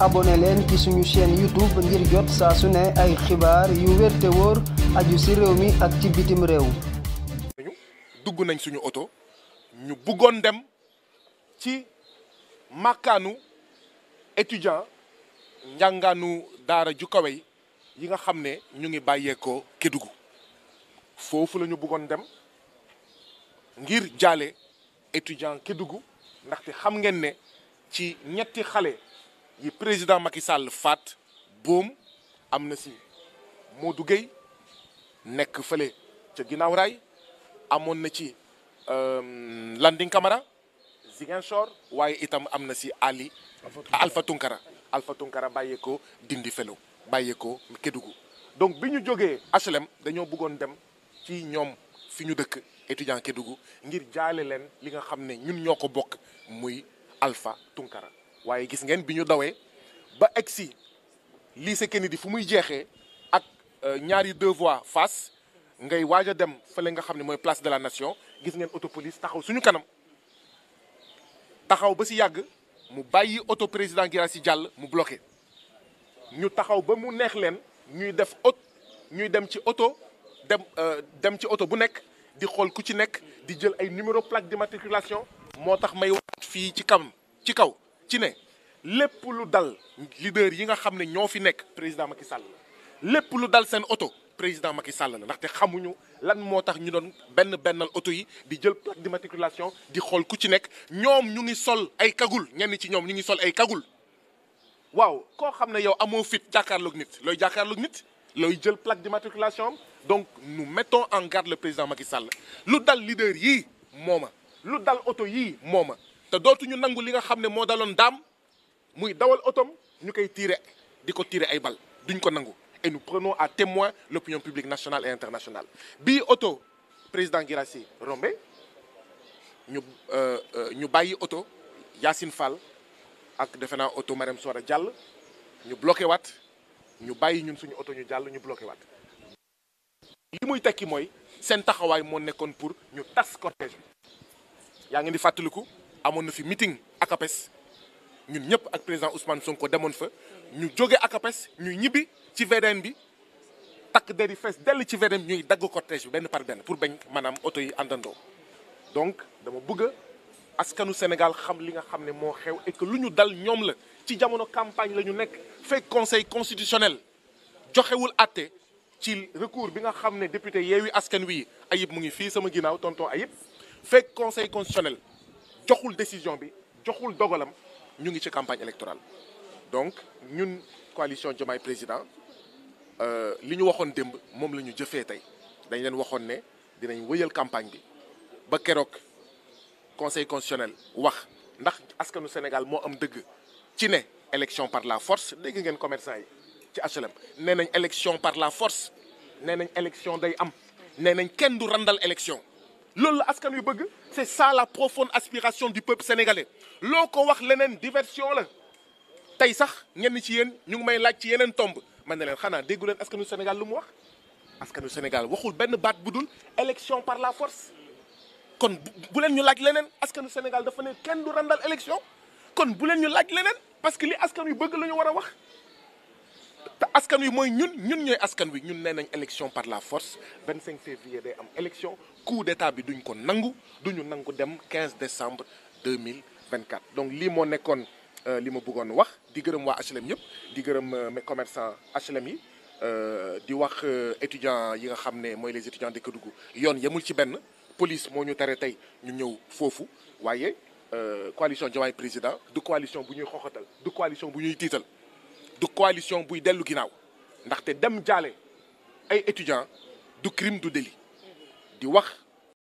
abonné leen ci suñu chaîne YouTube ngir jot saa su ay xibaar yu wér te aju ci réew mi ak ci bitim réew. dugg nañ suñu oto ñu bëggoon dem ci màkkaanu étudiant njàngaanu daara ju kawe yi nga xam ne ñu ngi bàyyeekoo Kédougou foofu lañu ñu bëggoon dem ngir jaale étudiant Kédougou ndaxte xam ngeen ne ci ñetti xale yi président Macky Sall faat boom am na si Modou Gueye nekk fële ca ginnaaw raay amoon na ci euh, Landing Camara Ziguinchor waaye itam am na si Ali Alpha Tunkara Alpha Tunkara bàyyee ko dindi felo bàyyee ko Kédougou donc bi ñu jógee HLM dañoo buggoon dem ci ñoom fi ñu dëkk étudiant Kédougou ngir jaale leen li nga xam ne ñun ñoo ko bokk muy alfa Tunkara waaye gis ngeen bi ñu dawee ba egsi lycée Kennedy fu muy jeexee ak euh, ñaari deux voies face ngay waaj a dem fële nga xam ne mooy place de la nation gis ngeen autopolice taxaw suñu kanam taxaw ba si yàgg mu bàyyi auto président si jàll mu bloqué ñu taxaw ba mu neex leen ñuy def auto ñuy dem ci auto dem euh, dem ci auto bu nekk di xool ku ci nekk di jël ay numéro plaque d'immatriculation moo tax may wax fii ci kam ci kaw ci ne lépp lu dal leader yi nga xam ne ñoo fi nekk président Macky Sall la lépp lu dal seen oto président Macky Sall la ndaxte xamuñu lan moo tax ñu doon benn bennal oto yi di jël plaque d'immatriculation di xool ku ci nekk ñoom ñu ngi sol ay kagul ñenn ci ñoom ñu ngi sol ay kagul waaw koo xam ne yow amoo fit jàkkaarloog nit looy jàkkaarloog nit looy jël plaque d'immatriculation donc nous mettons en garde le président Macky Sall lu dal leader yii mooma lu dal oto yii mooma te dootuñu nangu li nga xam ne moo daloon daam muy dawal otom ñu koy tiire di ko tiire ay bal duñ ko nangu et nous prenons à témoin l'opinion publique nationale et internationale bii oto président Guirassy rombe ñu euh, euh, ñu bàyyi oto Yacine Fall ak defe naa oto Marème Sora jàll ñu bloké wat ñu bàyyi ñun suñu oto ñu jàll ñu bloqué waat li muy tekki mooy seen taxawaay moo nekkoon pour ñu tas cortège yaa ngi di fàttaliku amoon na fi meeting ak APES ñun ñëpp ak président Ousmane Sonko demoon fa ñu jóge ak APES ñu ñibbi ci VDN bi takk der yi fees dell ci VDN ñuy dagg cortège bi benn par benn pour bañ maanaam oto yi àndandoo donc dama bëgg askanu Sénégal xam li nga xam ne moo xew et lu ñu dal ñoom la ci jamono campagne la ñu nekk fekk conseil constitutionnel joxewul àtte ci recours bi nga xam ne député Yewwi Askan Wi Ayib mu ngi fii sama ginnaaw tonton Ayib fekk conseil constitutionnel joxul décision bi joxul dogalam ñu ngi ci campagne électorale donc ñun coalition Diomaye président euh, li ñu waxoon démb moom la ñu jëfee tey dañ leen waxoon ne dinañ wëyal campagne bi ba keroog conseil constitutionnel wax ndax askanu Sénégal moo am dëgg ci ne élection par la force dégg ngeen commerçant yi ci HLM nee nañ élection par la force nee nañ élection day am nee nañ kenn du randal élection loolu la askan wi bëgg c'est ça la profonde aspiration du peuple sénégalais loo ko wax leneen diversion la tey sax ñenn ci yéen ñu ngi may laaj ci yeneen tomb man ne leen xanaa déggu leen askanu Sénégal lu mu wax askanu Sénégal waxul benn baat bu dul élection par la force kon bu bu leen ñu laaj leneen askanu Sénégal dafa ne kenn du randal élection kon bu leen ñu laaj leneen parce que li askan wi bëgg la ñu war a wax te askan wi mooy ñun ñun ñooy askan wi ñun nee nañ élection par la force cinq 25 février day am élection coup d'état bi duñ ko nangu duñu nangu dem 15 décembre 2024 donc lii moo nekkoon euh, li ma bëggoon wax di gërëm waa HLM yëpp di gërëm euh, mes commerçants HLM yi euh, di wax étudiants yi nga xam ne mooy les étudiants de Kédougou yoon yemul ci benn police moo ñu tere tey ñu ñëw foofu waaye coalition Diomaye président du coalition bu ñuy xoxatal du coalition bu ñuy tiital du coalition buy dellu ginnaaw ndaxte dem jaale ay étudiants du crime du délit di wax